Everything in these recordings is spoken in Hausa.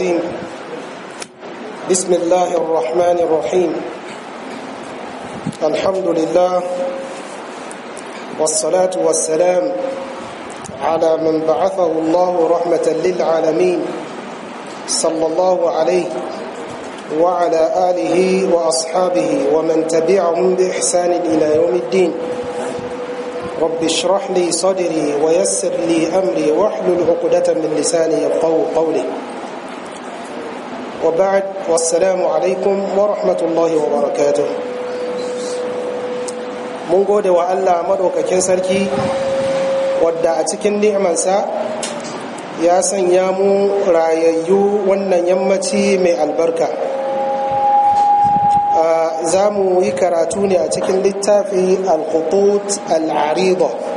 الرجيم بسم الله الرحمن الرحيم الحمد لله والصلاة والسلام على من بعثه الله رحمة للعالمين صلى الله عليه وعلى آله وأصحابه ومن تبعهم بإحسان إلى يوم الدين رب اشرح لي صدري ويسر لي أمري واحلل عقدة من لساني يفقه قولي وبعد والسلام alaikum wa rahmatullahi wa وبركاته mun gode wa Allah madaukakin sarki wadda a cikin ni'mansa ya sanya mu rayayyu wannan yammaci mai albarka ah, za mu yi karatu ne a cikin littafi al-khutut al-arida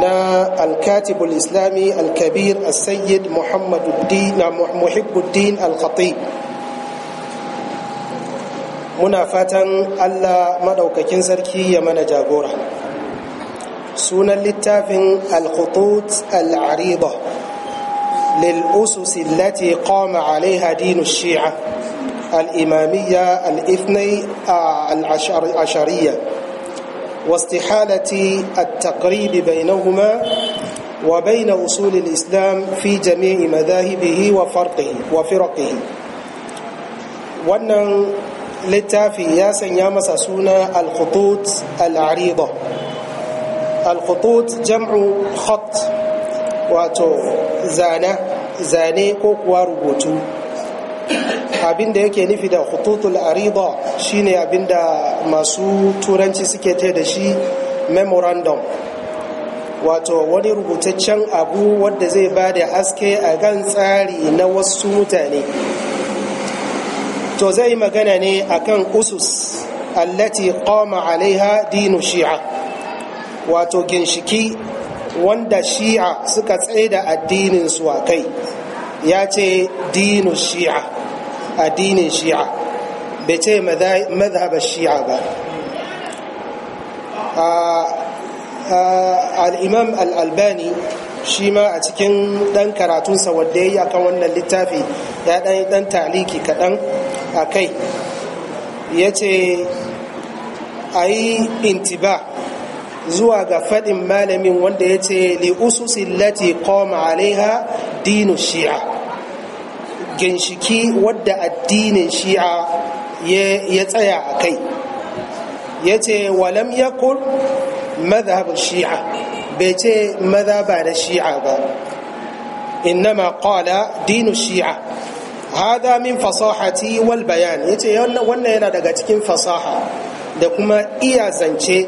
نا الكاتب الإسلامي الكبير السيد محمد الدين محب الدين الخطيب muna ألا allah maɗaukakin sarki ya mana jagora sunan littafin al للأسس التي قام عليها دين الشيعة الإمامية الإثني آه، العشرية واستحالة التقريب بينهما وبين أصول الإسلام في جميع مذاهبه وفرقه وفرقه وأن لتافي ياسا يامس ساسونا الخطوط العريضة الخطوط جمع خط واتو زانة زانيكو ورغوتو abin da yake nufi da hututul ariba shine abin da masu turanci suke ce da shi memorandum wato wani rubutaccen abu wadda zai ba da haske a gan tsari na wasu mutane to zai magana ne akan usus allati qama alaiha dinu shi'a wato ginshiki wanda shi'a suka tsaye da addininsu a kai ya ce dinu shi'a addinin shi'a bai ce mazhabar shi'a ba al'imam al'albani shi ma a cikin ɗan karatunsa wadda ya yi akan wannan littafi ya ɗan ɗan taliki kaɗan a kai ya ce a yi intiba zuwa ga faɗin malamin wanda ya ce li lati koma alaiha dinu shi'a ginshiki wadda addinin shi'a ya tsaya a kai ya ce walam yakul mazhabin shi'a bai ce mazhaba da shi'a ba innama qala dinu shi'a hada min fasahati wal bayani ya ce wannan yana daga cikin fasaha da kuma iya zance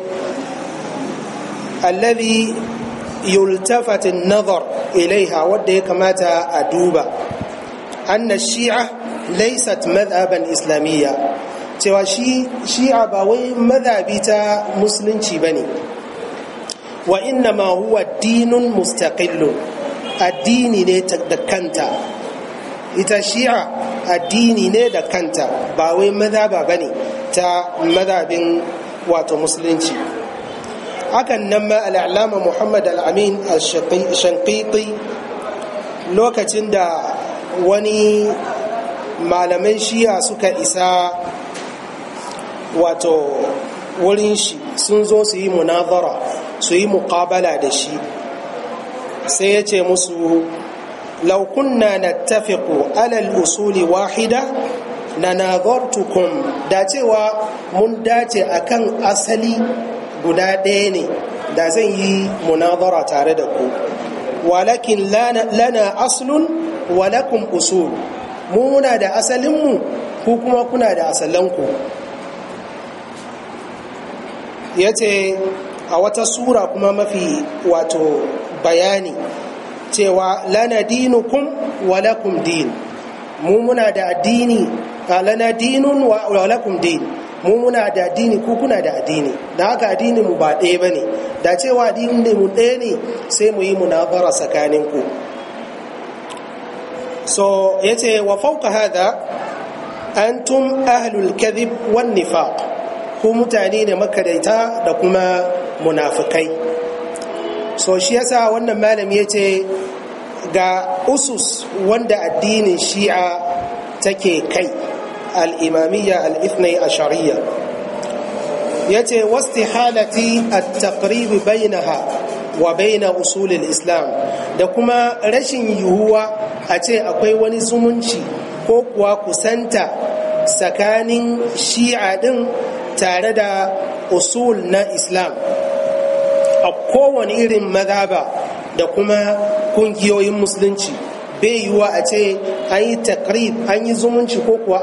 alladhi yultafatin an-nazar ilaiha wadda ya kamata a duba anna shi'a laysat madhaban islamiyya cewa shi shi'a ba wai madhabi ta musulunci bane wa inna ma huwa dinun mustaqillun addini ne da kanta ita shi'a addini ne da kanta ba wai madhaba bane ta madhabin wato musulunci hakan nan ma al'alama muhammad al'amin al-shanqiti lokacin da wani malaman shiya suka isa wato wurin shi sun zo su yi munazara su yi mukabala da shi sai ya ce musu laukunna na tafiku alal usuli wahida na nazartukum da cewa mun dace akan asali guda ɗaya ne da zan yi munazara tare da ku walakin lana aslun Walakun usul mu muna da asalinmu ku kuma kuna da asalanku ya ce a wata sura kuma mafi wato bayani cewa lana dinukum walakum din mu muna da addini lana dinun walakum din mu muna da addini ku kuna da addini da haka addini mu ba ɗaya ba ne da cewa addini mu ɗaya ne sai mu yi munafara tsakaninku so yace wa fauka hada antum ahlul kadhib wan nifaq ku mutane ne makadaita da kuma munafikai so shi yasa wannan malami yace ga usus wanda addinin shi'a take kai al-imamiyya al a ashariyya yace wastihalati at-taqrib bainaha wa baina usulil islam da kuma rashin yiwuwa a ce akwai wani zumunci ko kuwa kusanta tsakanin shi'a din tare da usul na islam a kowane irin mazaba da kuma kungiyoyin musulunci bai yiwuwa a ce an yi takrib an yi zumunci ko kuwa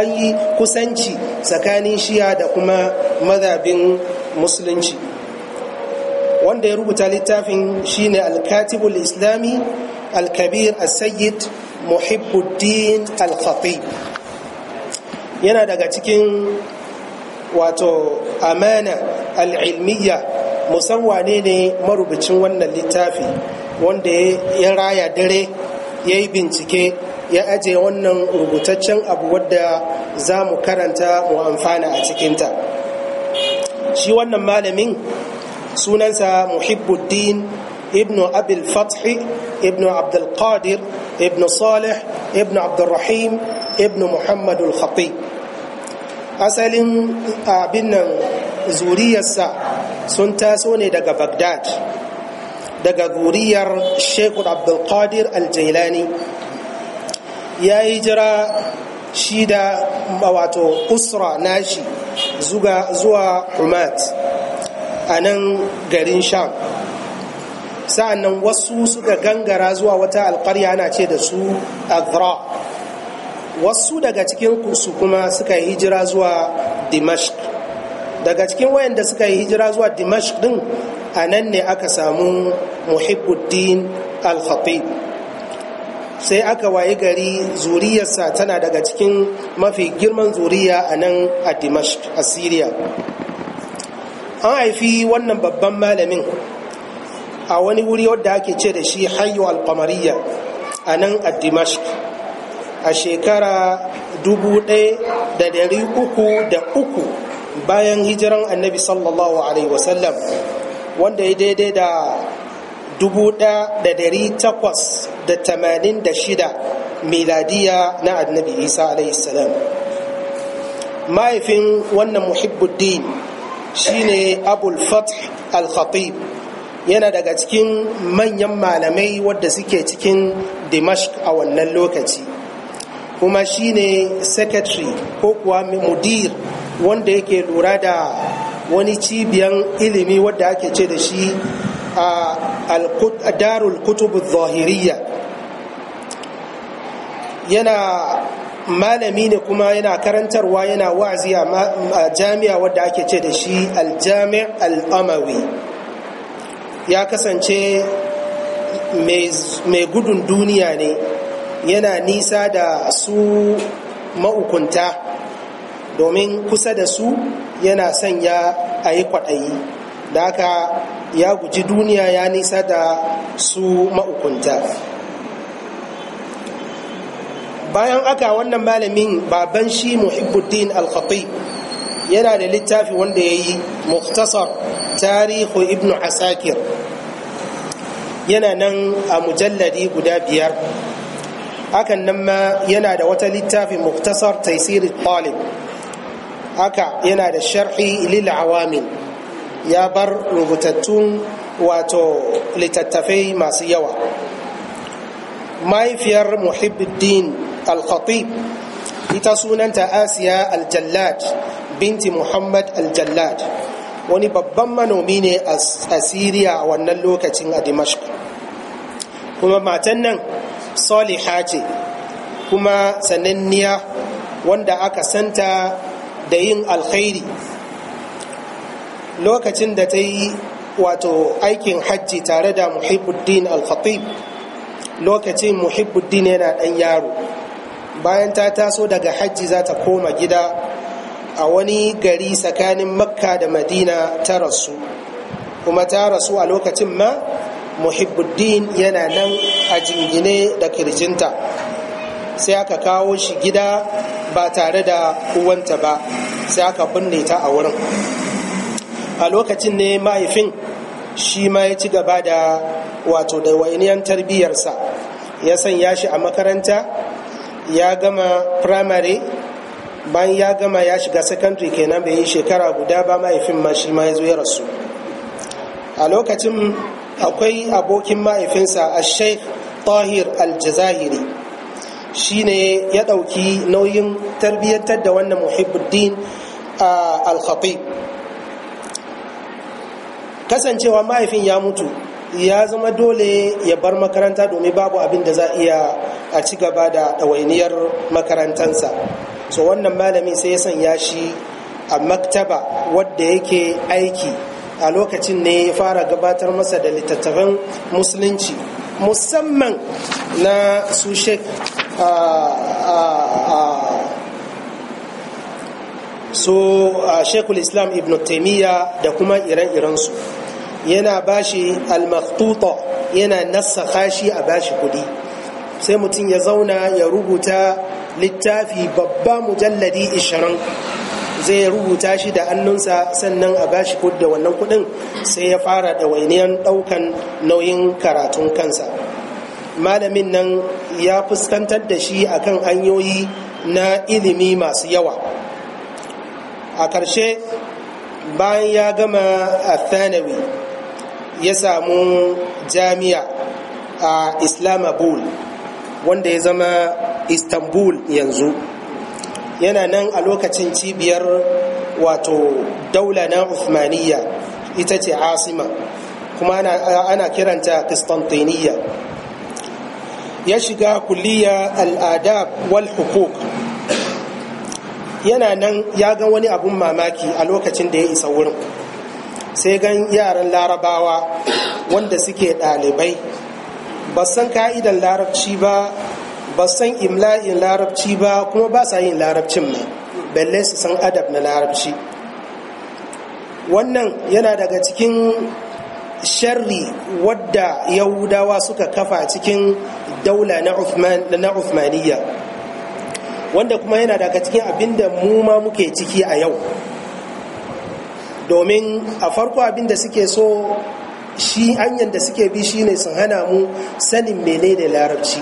an yi kusanci tsakanin shi'a da kuma mazabin musulunci wanda ya rubuta littafin shine alkatibul islami alkabir asayid muhibbuddin alfafi yana daga cikin wato amana al'ilmiya musarwane ne marubucin wannan littafi wanda ya raya dare ya yi bincike ya aje wannan rubutaccen abu wadda za mu karanta mu amfana a cikinta shi wannan malamin sunansa muhibbuddin ibnu abil fathi ibnu abdulkadir ibnu salih ibnu abdulrahim ibnu muhammadu khatib asalin abin nan zuriyarsa sun taso ne daga bagdad daga zuriyar shekul abdulkadir aljailani ya yi jira shi da wato usra nashi zuwa humat a nan garin sham sa'annan wasu suka gangara zuwa wata alƙarya ana ce da su azra wasu daga cikin kursu kuma suka yi hijira zuwa dimashq daga cikin wayanda suka yi hijira zuwa dimashq din a nan ne aka samu muhibbuddin al sai aka waye gari zuriyarsa tana daga cikin mafi girman zuriya a nan a dimashq a Siriya. an haifi wannan babban malamin a wani wuri wadda ake ce da shi hayo alkamariya a nan a dimashq a shekara uku bayan hijiran annabi sallallahu alaihi wasallam wanda ya daidai da 1886 miladiya na annabi isa alaihi salam mahaifin wannan muhibbuddin shine abul fath al-khatib yana daga cikin manyan malamai wadda suke cikin dimashq a wannan lokaci kuma shine secretary ko kuwa mudir wanda yake lura da wani cibiyan ilimi wadda ake ce da shi a darul kutubu zahiriya yana malami ne kuma yana karantarwa yana wa'azi a jami'a wadda ake ce da shi aljami al'amawi ya kasance mai gudun duniya ne yana nisa da su ma'ukunta domin kusa da su yana sanya a yi kwaɗayi da haka ya guji duniya ya nisa da su ma'ukunta bayan aka wannan malamin baban shi muhibbuddin al-khati yana da littafi wanda ya yi muktasar tarihu ibnu asakir yana nan a mujalladi guda biyar hakan nan ma yana da wata littafin muktasar taisiri talib haka yana da sharhi lil awamin ya bar rubutattun wato littattafai masu yawa mahaifiyar muhibbuddin al-khatib ita sunanta asiya al-jallaj binti muhammad al-jallaj wani babban manomi ne a Asiriya a wannan lokacin a dimashq kuma matan nan saliha ce kuma sananniya wanda aka santa da yin alkhairi lokacin da ta yi wato aikin hajji tare da muhibbuddin al-khatib lokacin muhibbuddin yana ɗan yaro bayan ta taso daga hajji za ta koma gida a wani gari tsakanin makka da madina ta rasu kuma ta rasu a lokacin ma muhibbuddin yana nan a jingine da kirjinta sai aka kawo shi gida ba tare da uwanta ba sai aka binne ta a wurin a lokacin ne mahaifin shi ma ya ci gaba da wato da wainiyan tarbiyyarsa ya sanya shi a makaranta ya gama primary bayan ya gama ya shiga secondary kenan bai yi shekara guda ba mahaifin ma shi ma ya zo ya rasu a lokacin akwai abokin mahaifinsa a sheikh tahir aljazahiri shi ne ya ɗauki nauyin tarbiyyantar da wannan muhibbuddin al-khatib kasancewa mahaifin ya mutu ya zama dole ya bar makaranta domin babu abin da za a iya a ci gaba da ɗawainiyar makarantansa so wannan malamin sai ya sanya shi a maktaba wadda yake aiki a lokacin ne ya fara gabatar masa da littattafan musulunci musamman na su sheik so shekul islam ibn taimiyya da kuma ire-irensu yana bashi almaktuta yana nassaka shi a bashi kudi sai mutum ya zauna ya rubuta littafi babba mujalladi ishirin zai rubuta shi da annunsa, sannan a bashi da wannan kudin sai ya fara da wainiyan ɗaukan nauyin karatun kansa malamin nan ya fuskantar da shi akan hanyoyi na ilimi masu yawa a ƙarshe bayan ya gama a thanawi ya samu jami'a a islamabul wanda ya zama istanbul yanzu yana nan a lokacin cibiyar wato daula na uthmaniya ita ce asima kuma ana, kiranta kistantiniya ya shiga kulliya al'adab wal hukuk yana nan ya ga wani abun mamaki a lokacin da ya isa wurin sai gan yaran larabawa wanda suke ɗalibai ba san ka'idan larabci ba ba san imla'in larabci ba kuma ba sa yin larabcin ma balle su san adab na larabci wannan yana daga cikin sharri wadda yahudawa suka kafa cikin daula na uthmaniya wanda kuma yana daga cikin abinda mu ma muke ciki a yau domin a farko abin da suke so shi hanyar da suke bi shine sun hana mu sanin mene da larabci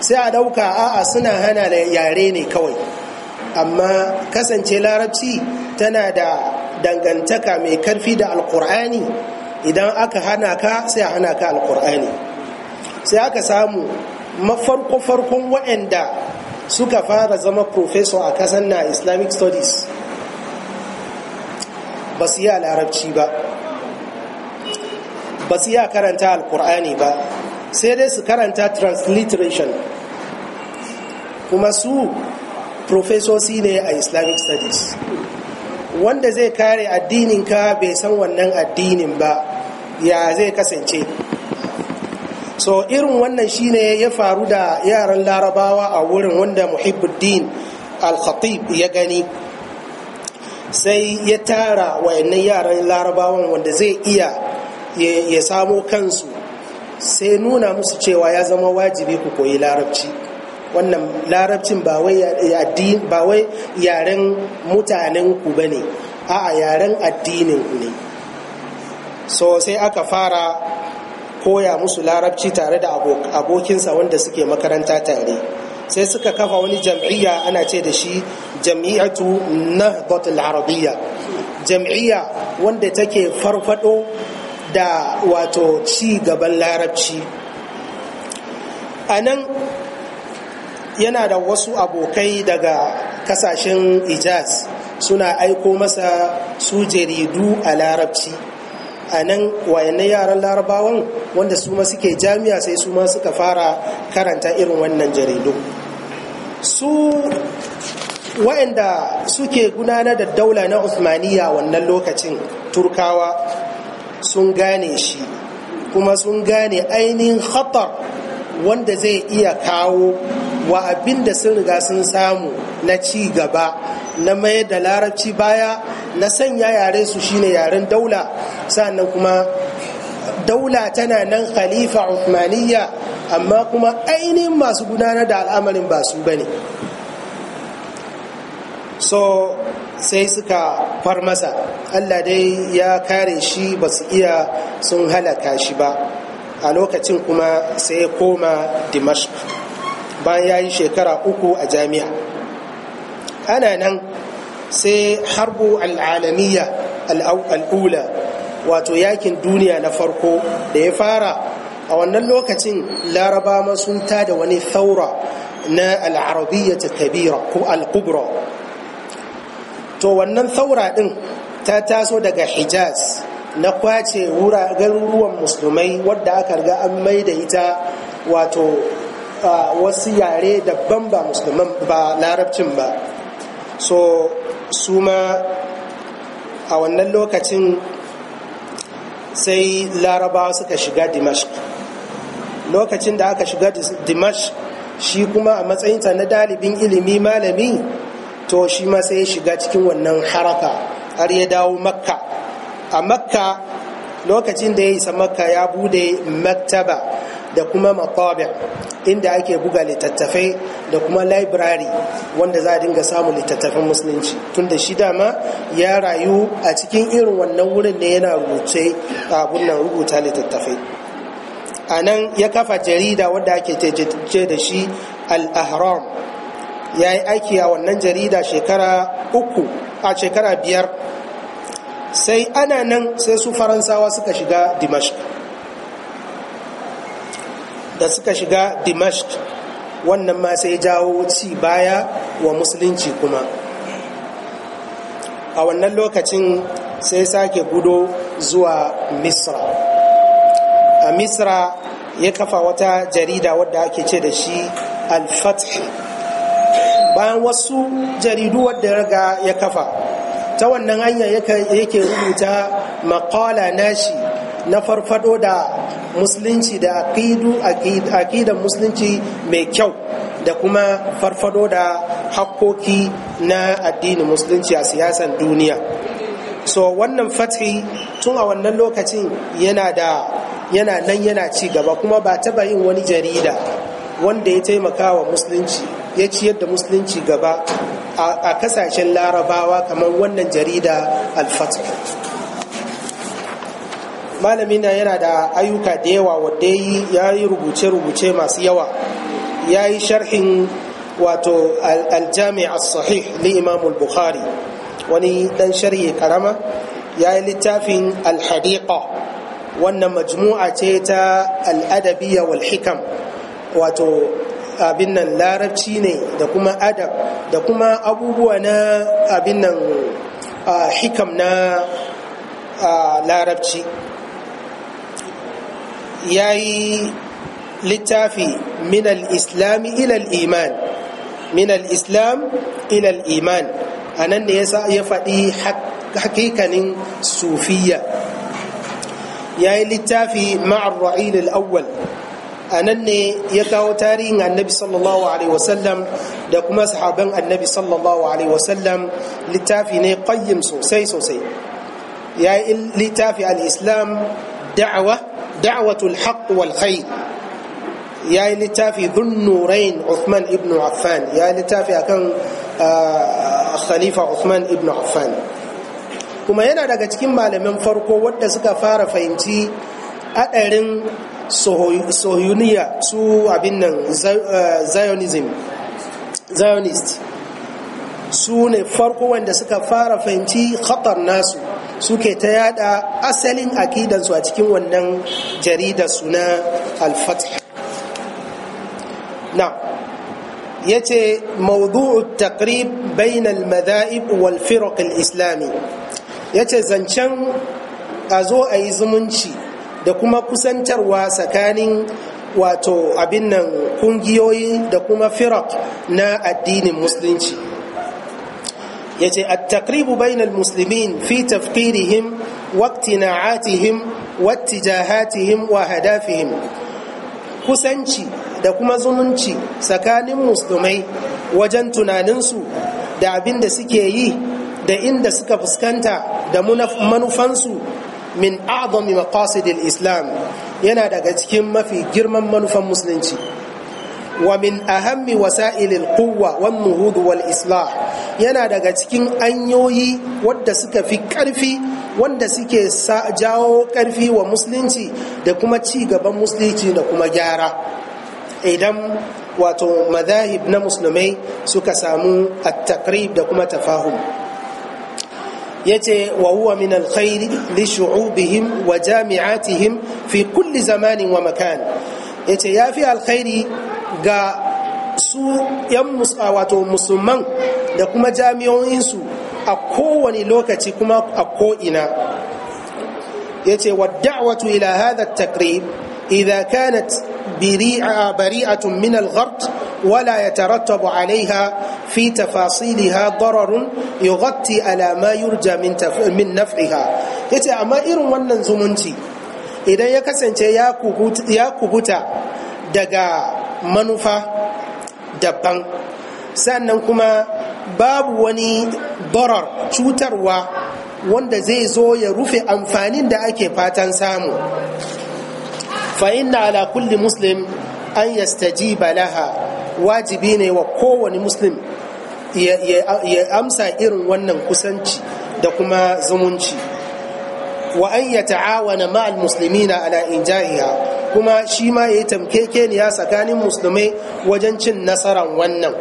sai a dauka a'a suna hana da yare ne kawai amma kasance larabci tana da dangantaka mai karfi da alkur'ani idan aka hana ka sai a hana ka alkur'ani sai aka samu mafarko-farkon waɗanda suka fara zama professor a kasan na islamic studies ba su iya larabci ba ba su iya karanta alkur'ani ba sai dai su karanta transliteration kuma su profesosi ne a islamic studies wanda zai kare addininka bai san wannan addinin ba ya zai kasance so irin wannan shine ya faru da yaran larabawa a wurin wanda muhibbuddin al-khatib ya gani sai ya tara wayannan yaran larabawan wanda zai iya ya samo kansu sai nuna musu cewa ya zama wajibi ku koyi larabci wannan larabcin ba wai yaren mutanen ku ba ne a yaren addinin ku ne so sai aka fara koya musu larabci tare da abokinsa wanda suke makaranta tare sai suka kafa wani jam'iyya ana ce da shi jam'iyyatu nahdatul arabiyya jam'iyya wanda take farfado da wato ci gaban larabci anan yana da wasu abokai daga kasashen ijaz suna aiko masa su jaridu a larabci a nan wayannan yaran larabawan wanda su ma suke jami'a sai su ma suka fara karanta irin wannan jaridu su wayanda suke gudanar da daula na usmaniya wannan lokacin turkawa sun gane shi kuma sun gane ainihin khatar wanda zai iya kawo wa abinda sun riga sun samu na ci gaba na mai da larabci baya na sanya yare su shine yaren daula sannan kuma daula tana nan khalifa uthmaniyya amma kuma ainihin masu gudanar da al'amarin ba su bane so sai suka far masa allah dai ya kare shi ba su iya sun halaka shi ba a lokacin kuma sai koma dimashq bayan ya yi shekara uku a jami'a ana nan sai harbu al'alamiya al'ula wato yakin duniya na farko da ya fara a wannan lokacin laraba sun tada wani thaura na al'arabiya ta tabira ko al'ubra to wannan thaura din ta taso daga hijaz na kwace garuruwan musulmai wadda aka riga an mai da ita wato wasu yare daban ba musulman ba larabcin ba so su ma a wannan lokacin sai larabawa suka shiga Dimash lokacin da aka shiga Dimash shi kuma a matsayinsa na dalibin ilimi malami to shi ma sai ya shiga cikin wannan haraka har ya dawo makka a makka lokacin da ya isa makka ya bude maktaba da kuma matabi inda ake buga littattafai da kuma library wanda za a dinga samun littattafan musulunci tun da shi dama ya rayu a cikin irin wannan wurin ne yana rubuce abun nan rubuta littattafai a nan ya kafa jarida wadda ake teje da shi al-ahram ya yi aiki a wannan jarida shekara uku a shekara biyar sai ana nan sai su faransawa suka shiga dimashq da suka shiga dimashq wannan ma sai jawo ci baya wa musulunci kuma a wannan lokacin sai sake gudo zuwa misra a misra ya kafa wata jarida wadda ake ce da shi alfath bayan wasu jaridu wadda raga ya kafa ta wannan hanya yake rubuta makala nashi na farfado da musulunci da aqidu musulunci mai kyau da kuma farfado da hakkoki na addini musulunci a siyasan duniya so wannan fathi tun a wannan lokacin yana da yana nan yana ci gaba kuma ba taba yin wani jarida wanda ya taimaka wa musulunci ya ciyar da musulunci gaba a kasashen larabawa kamar wannan jarida al malami na yana da ayyuka da yawa wadda ya yi rubuce-rubuce masu yawa ya yi sharhin wato aljami sahih li imamul bukhari wani dan sharhi karama ya yi littafin alhadiqa wannan majmu'a ce ta al'adabiya wal hikam wato abin nan larabci ne da kuma adab da kuma abubuwa na abin nan hikam na larabci ياي لتافي من الإسلام إلى الإيمان من الإسلام إلى الإيمان أنا نيسا يفعي حق حقيقة صوفية ياي لتافي مع الرعيل الأول أنا أنني يتاو تارين النبي صلى الله عليه وسلم دكما صحابا النبي صلى الله عليه وسلم لتافي قيم سوسي سوسي يا لتافي الإسلام دعوة da'watul haqq wal ya yi littafi dhunnurain Usman ibn Affan ya yi littafi akan ah, khalifa Usman ibn Affan kuma yana daga cikin malamin farko wadda suka fara fahimci adarin sohuniya su abin nan ah, zionist su farko wanda suka fara fahimci khatar nasu suke ta yada asalin akidansu a cikin wannan jaridar suna alfat na ya ce maudu'u taqrib bayna al-madha'ib wal firq al-islami Yace ce zancen a zo a yi zumunci da kuma kusantarwa tsakanin wato abin nan kungiyoyi da kuma firq na addinin musulunci yace at-taqribu bainal muslimin fi tafkirihim wa iqtina'atihim wa ittijahatihim wa hadafihim kusanci da kuma zumunci tsakanin musulmai wajen tunaninsu da abin da suke yi da inda suka fuskanta da manufansu min a'zami maqasidil islam yana daga cikin mafi girman manufan musulunci wa min ahammi wasa'ilil quwwa wan nuhud wal islah yana daga cikin anyoyi wadda suka fi karfi wanda suke jawo karfi wa musulunci da kuma ci gaban musulunci da kuma gyara idan wato mazahib na musulmai suka samu at-taqrib da kuma tafahum yace wa huwa min alkhairi li shu'ubihim wa jami'atihim fi kulli zamanin wa makan yace fi alkhairi ga su yan wato musulman da kuma jami'o'insu a kowane lokaci kuma a ko'ina ya ce wa da'watu ila hadha takrib idha kanat bari'atun min al-ghart ولا يترتب عليها في تفاصيلها ضرر يغطي على ما يرجى من من نفعها yace amma irin wannan zumunci idan ya kasance ya kubuta daga manufa daban sannan kuma babu wani barar cutarwa wanda zai zo ya rufe amfanin da ake fatan samu fa'inna ala kulli muslim an ji balaha, wajibi ne wa kowane muslim ya amsa irin wannan kusanci da kuma zumunci wa an ya ta'awana ma'al Musulmi na ala'in jahiya, kuma shi ma ya yi tamkekeniya tsakanin musulmai wajen cin nasarar wannan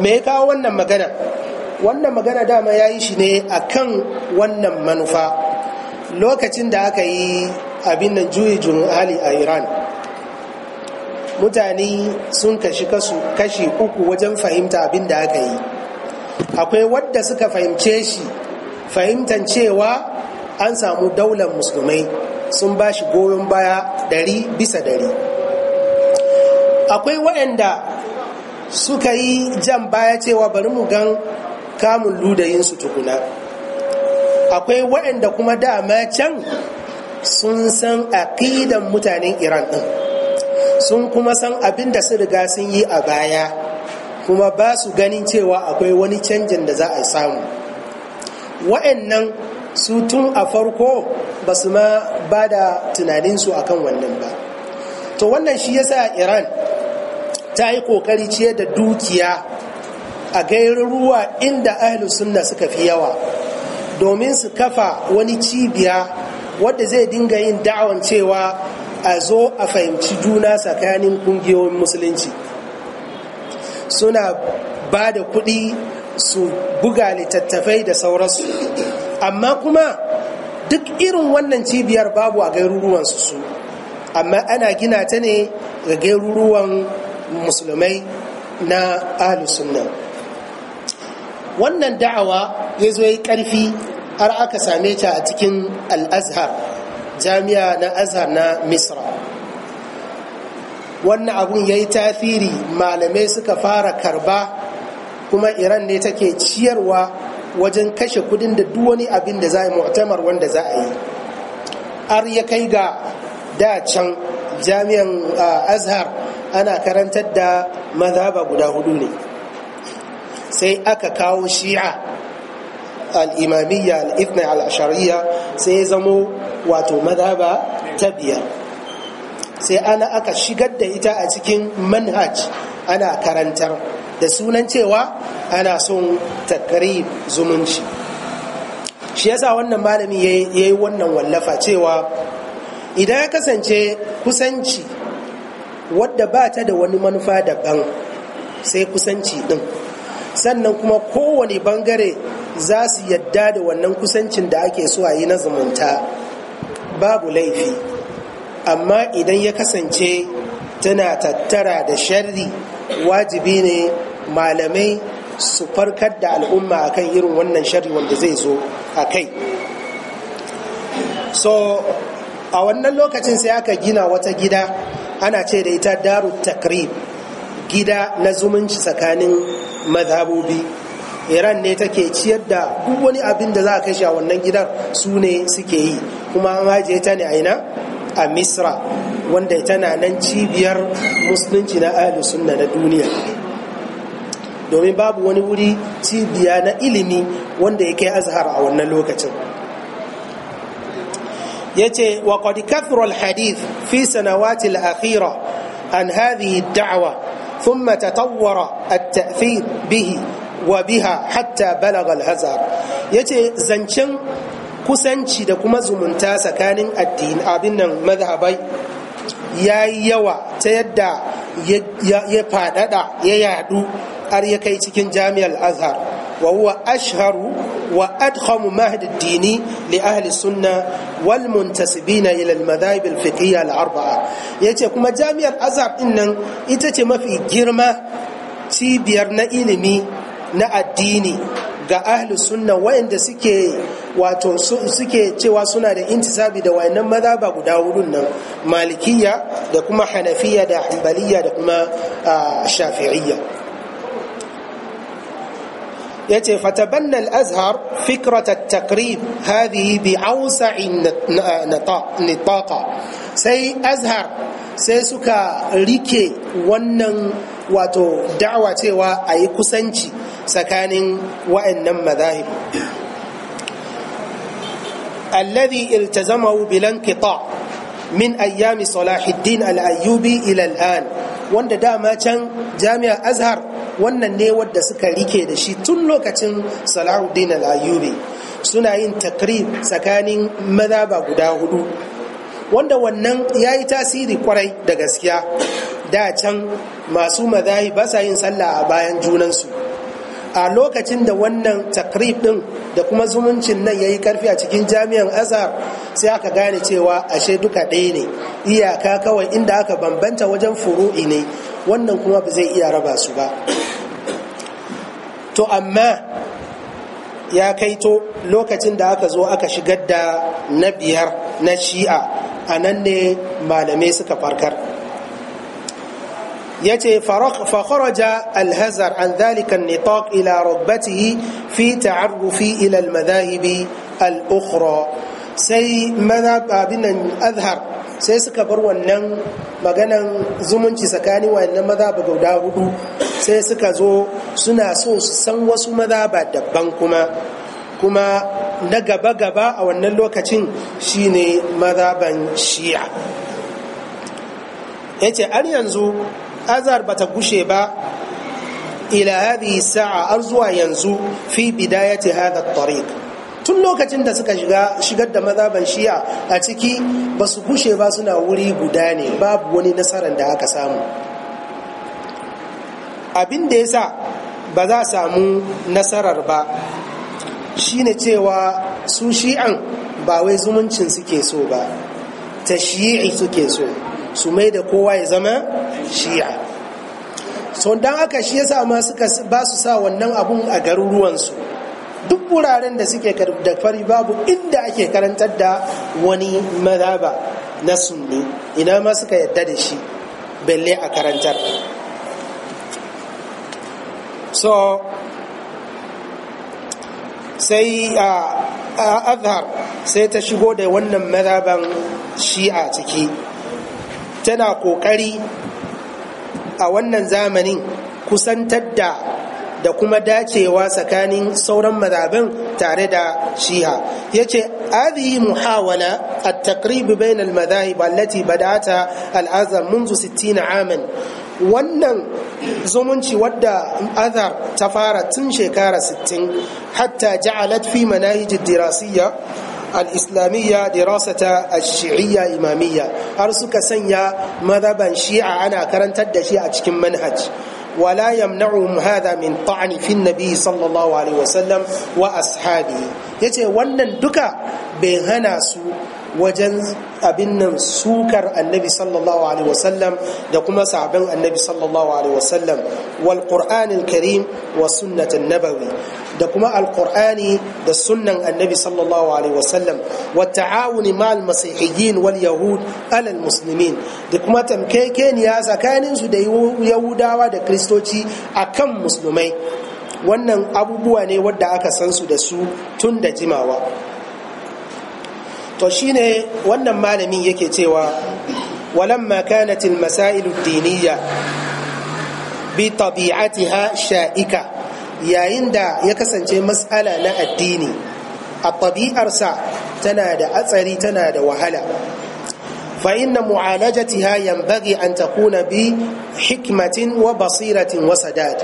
me ya kawo wannan magana wannan magana dama ya yi shi ne a kan wannan manufa lokacin da aka yi abin nan juyi hali a iran mutane sun kashi kashi uku wajen fahimta abin da aka yi akwai wadda suka fahimce shi fahimtan cewa an samu daular musulmai sun ba shi goyon baya ɗari bisa ɗari akwai waɗanda suka yi jan baya cewa bari mu gan kamun ludayinsu tukuna akwai waɗanda kuma dama can sun san aƙidan mutanen iran ɗin sun kuma san abin da su riga sun yi a baya kuma ba su ganin cewa akwai wani canjin da za a samu waɗannan su tun a farko ba su ma ba da tunaninsu akan wannan ba to wannan shi yasa iran ta yi kokari ce da dukiya a ruwa inda ahlus sunna suka fi yawa domin su kafa wani cibiya wadda zai dinga yin da'awan cewa a zo a fahimci juna tsakanin kungiyoyin musulunci suna ba da kuɗi su buga littattafai da sauransu amma kuma duk irin wannan cibiyar babu a gairuruwansu su amma ana gina ta ne ga gairuruwan musulmai na ahli sunna wannan da'awa ya zo yi ƙarfi har aka same ta a cikin al-azhar jami'a na azhar na misra wannan abun ya yi tasiri malamai suka fara karba kuma iran ne take ciyarwa wajen kashe kudin da duk wani abin da za a yi mu'tamar wanda za a yi har ya kai ga da can jami'an ah, azhar ana karantar da mazhaba guda hudu ne sai aka kawo shi'a al'imamiyya al'ithna al'ashariya sai ya zamo wato mazhaba ta biyar sai ana aka shigar da ita a cikin manhaj ana karantar da sunan cewa ana son takrib zumunci shi yasa wannan malami ya yi wannan wallafa cewa idan ya kasance kusanci wadda ba ta da wani manufa daban sai kusanci ɗin sannan kuma kowane bangare za su yadda da wannan kusancin da ake so a yi na zumunta babu laifi amma idan ya kasance tana tattara da sharri wajibi ne malamai su farkar da al'umma a kan irin wannan sharri wanda zai zo a kai so a wannan lokacin sai aka gina wata gida ana ce da ita daru takrib gida na zumunci tsakanin mazhabobi iran ne take ciyar da duk wani abin da za a kashe a wannan gidan su ne suke yi kuma an haje ta ne aina a misra wanda tana nan cibiyar musulunci na ahlus sunna na duniya domin babu wani wuri cibiya na ilimi wanda ya kai azhar a wannan lokacin yace wa qad kathura alhadith fi sanawati alakhira an hadhihi ad-da'wa thumma tatawwara at-ta'thir bihi wa biha hatta balagha al-hazar yace zancen kusanci da kuma zumunta tsakanin addini abin nan mazhabai ya yi yawa ta yadda ya fadada ya yadu har ya kai cikin jami'ar azhar وهو أشهر وأدخم مهد الديني لأهل السنة والمنتسبين إلى المذاهب الفقهية الأربعة يتي كما جامع الأزعر إن إتتي ما في جرمة تيبير إلمي نا الديني ga ahlu sunna wayanda suke wato suke cewa suna da intisabi da wayannan mazhaba guda hudun nan malikiyya da kuma hanafiyya da hanbaliyya da kuma shafi'iyya يتي فتبنى الأزهر فكرة التقريب هذه بأوسع نطاق نطاقة سي أزهر سي سكا ريكي ونن واتو دعوة وا أي كسنشي سكان وإنما مذاهب الذي التزمه بلا انقطاع من أيام صلاح الدين الأيوبي إلى الآن وند داما جامع أزهر wannan ne wadda suka rike da shi tun lokacin salahuddin al’ayyubi suna yin takrib tsakanin maza ba guda hudu wanda wannan ya yi tasiri kwarai da gaskiya da can masu mazai ba sa yin sallah a bayan junansu a lokacin da wannan takrib din da kuma zumuncin nan ya yi karfi a cikin jami'an azar, sai aka gane cewa ashe duka ɗaya ne iyaka kawai inda aka bambanta wajen furu'i ne wannan kuma ba zai iya raba su ba to amma ya kaito lokacin da aka zo aka shigar da na biyar na shi'a a nan ne malamai suka farkar يتي فرخ فخرج الهزر عن ذلك النطاق إلى ربته في تعرف إلى المذاهب الأخرى سي ماذا بابنا أظهر سي سكبر ونن مغانا زمن سكاني وإن مذاب بقوداه سي سكزو سنا سوس سنوس مذاب بعد بانكما كما نقب قبا أو أن الوكتين شيني ماذا بان شيع يتي أن azar bata gushe ba ila hadhihi sa'a har zuwa yanzu fi bidayati hadha at-tariq tun lokacin da suka shiga shigar da mazaban shi'a a ciki ba su gushe ba suna wuri guda ne babu wani nasarar da aka samu abin da yasa sa ba za samu nasarar ba shine cewa su shi'an ba wai zumuncin suke so ba ta suke so su mai da kowa ya zama shi'a so don aka shi yasa ma suka ba su sa wannan abun a garuruwansu duk wuraren da suke da fari babu inda ake karantar da wani madhaba na sunni ina ma suka yadda da shi belle a karantar so sai a azhar sai ta shigo da wannan madhaban shi'a ciki tana kokari a wannan zamanin kusantar da da kuma dacewa tsakanin sauran mazhaban tare da shiha yace hadhihi muhawala at-taqrib bain al allati badata al-azhar منذ 60 aman wannan zumunci wadda azhar ta fara tun shekara 60 hatta ja'alat fi manahij ad-dirasiyya الإسلامية دراسة الشيعية إمامية أرسك سنيا مذبا شيعة أنا كرنت الدشيعة كم منهج ولا يمنعهم هذا من طعن في النبي صلى الله عليه وسلم وأصحابه يتي ونن دكا بهنا wajen abin nan sukar annabi sallallahu alaihi wasallam da kuma sahabban annabi sallallahu alaihi wasallam wal qur'anil karim wa sunnatin nabawi da kuma alqur'ani da sunnan annabi sallallahu alaihi wasallam wa ta'awun ma'al masihiyyin wal yahud alal muslimin da kuma tamkekeniya tsakanin su da yahudawa da kristoci akan musulmai wannan abubuwa ne wadda aka san su da su tun da jimawa to shine wannan malamin yake cewa walamma kanat almasail ad-diniyya bi tabi'atiha sha'ika yayin da ya kasance mas'ala na addini a tabi'arsa tana da atsari tana da wahala fa inna mu'alajatiha yanbaghi an takuna bi hikmatin wa basiratin wa sadad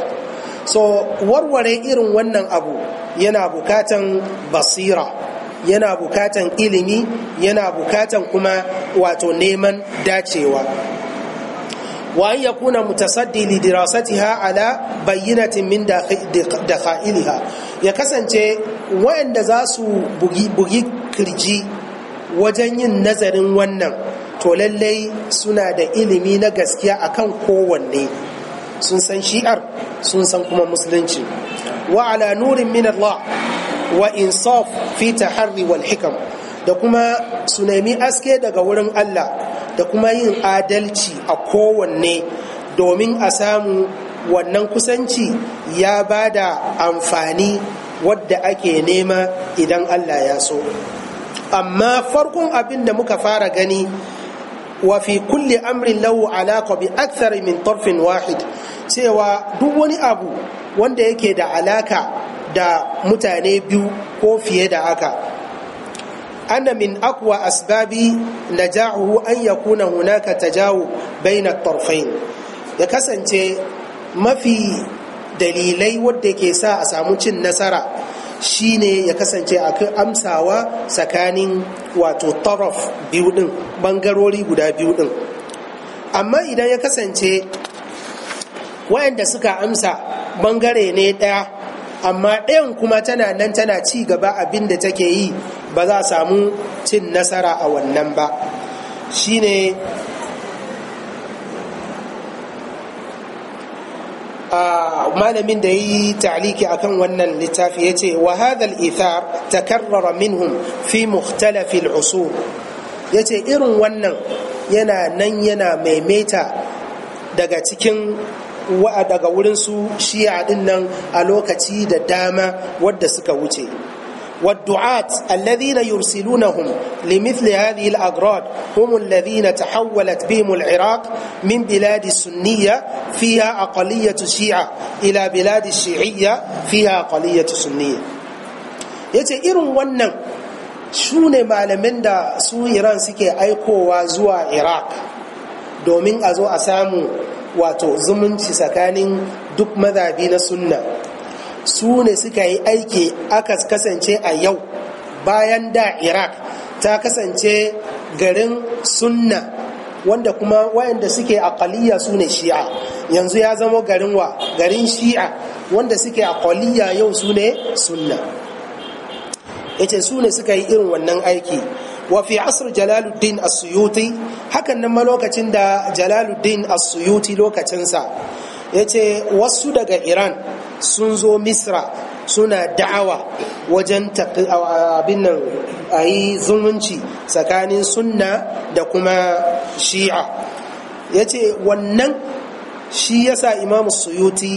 so warware irin wannan abu yana bukatan basira yana bukatan ilimi yana bukatan kuma wato neman dacewa wa an yakuna mutasaddi li dirasatiha ala bayyinatin min dakhailiha ya kasance wayanda za su bugi bugi kirji wajen yin nazarin wannan to lallai suna da ilimi na gaskiya akan kowanne sun san shi'ar sun san kuma musulunci wa ala nurin min Allah wa insaf fi taharri wal hikam da kuma su nemi aske daga wurin Allah da kuma yin adalci a kowanne domin a samu wannan kusanci ya ba da amfani wadda ake nema idan Allah ya so amma farkon abin da muka fara gani wa fi kulli amrin lahu alaqa bi akthar min tarfin wahid cewa duk wani abu wanda yake da alaka da mutane biyu ko fiye da haka anna min akwa asbabi najahu an yakuna hunaka tajawu baina tarfain ya kasance mafi dalilai wadda ke sa a samu cin nasara shine ya kasance a amsawa tsakanin wato taraf biyu din bangarori guda biyu din amma idan ya kasance wayanda suka amsa bangare ne daya amma ɗayan kuma tana nan tana ci gaba abin da take yi ba za a samu cin nasara a wannan ba shine malamin da yi ta'liki akan wannan littafi ya ce wa hadal ithar takarrara minhum fi mukhtalafil usur ya ce irin wannan yana nan yana maimaita daga cikin daga wurin su shi'a din nan a lokaci da dama wadda suka wuce والدعاة الذين يرسلونهم لمثل هذه الأغراض هم الذين تحولت بهم العراق من بلاد السنية فيها أقلية الشيعة إلى بلاد الشيعية فيها أقلية السنية يتئرون ونن su ne malamin da su iran suke aikowa zuwa iraq domin a zo wato zumunci tsakanin duk mazabi na sunna su ne suka yi aiki aka kasance a yau bayan da iraq ta kasance garin sunna wanda kuma wayanda suke aqaliya su ne shi'a yanzu ya zama garin wa garin shi'a wanda suke aqaliya yau su ne sunna yace su ne suka yi irin wannan aiki wa fi asr jalaluddin as-suyuti hakan nan ma lokacin da jalaluddin as-suyuti lokacinsa yace wasu daga iran sun zo misra suna da'awa wajen abin nan a yi zumunci tsakanin sunna da kuma shi'a yace wannan shi yasa imamu suyuti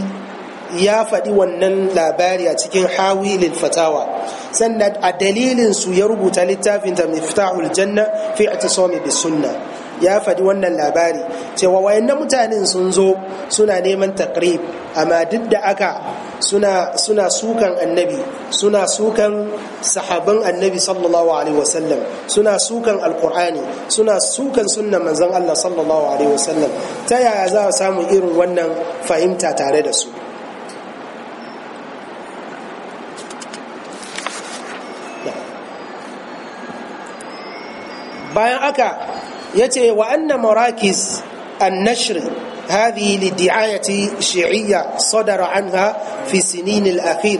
ya faɗi wannan labari a cikin hawilin fatawa sannan a dalilin su ya rubuta littafin ta miftahul janna fi i'tisami bis sunna ya fadi wannan labari cewa wayannan mutanen sun zo suna neman takrib amma duk da aka suna suna sukan annabi suna sukan sahaban annabi sallallahu alaihi wasallam suna sukan alqur'ani suna sukan sunnan manzon Allah sallallahu alaihi wasallam ta yaya za a samu irin wannan fahimta tare da su bayan haka yace wa anna marakis an-nashr هذه للدعاية شيعية صدر عنها في سنين الأخير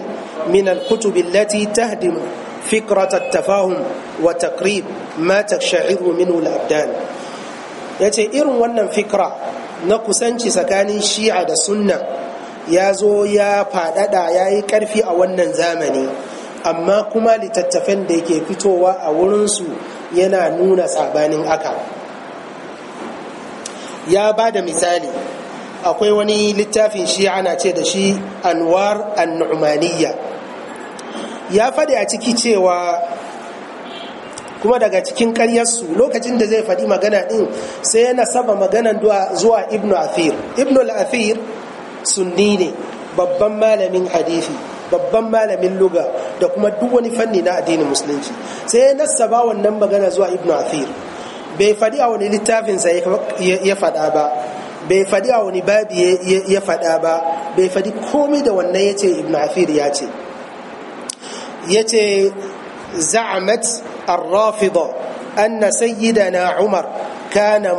من الكتب التي تهدم فكرة التفاهم وتقريب ما تقشعر منه الأبدان yace irin wannan fikra na kusanci tsakanin shi'a da sunna ya zo ya faɗaɗa ya yi ƙarfi a wannan zamani amma kuma littattafan da yake fitowa a wurinsu yana nuna sabanin aka ya ba da misali akwai wani littafin shi ana ce da shi anwar an'umaniya ya faɗi a ciki cewa kuma daga cikin karyarsu lokacin da zai faɗi magana ɗin sai yana saba maganan zuwa ibnu athir Ibn al-athir sunni ne babban malamin hadithi babban malamin luga da kuma duk wani fanni na addinin musulunci sai ya nassaba wannan magana zuwa ibnu athir bai faɗi a wani littafinsa ya faɗa ba bai faɗi a wani babi ya faɗa ba bai faɗi komai da wannan ya ce ibn afir ya ce ya ce za'amat arrafida anna sayyidana umar kana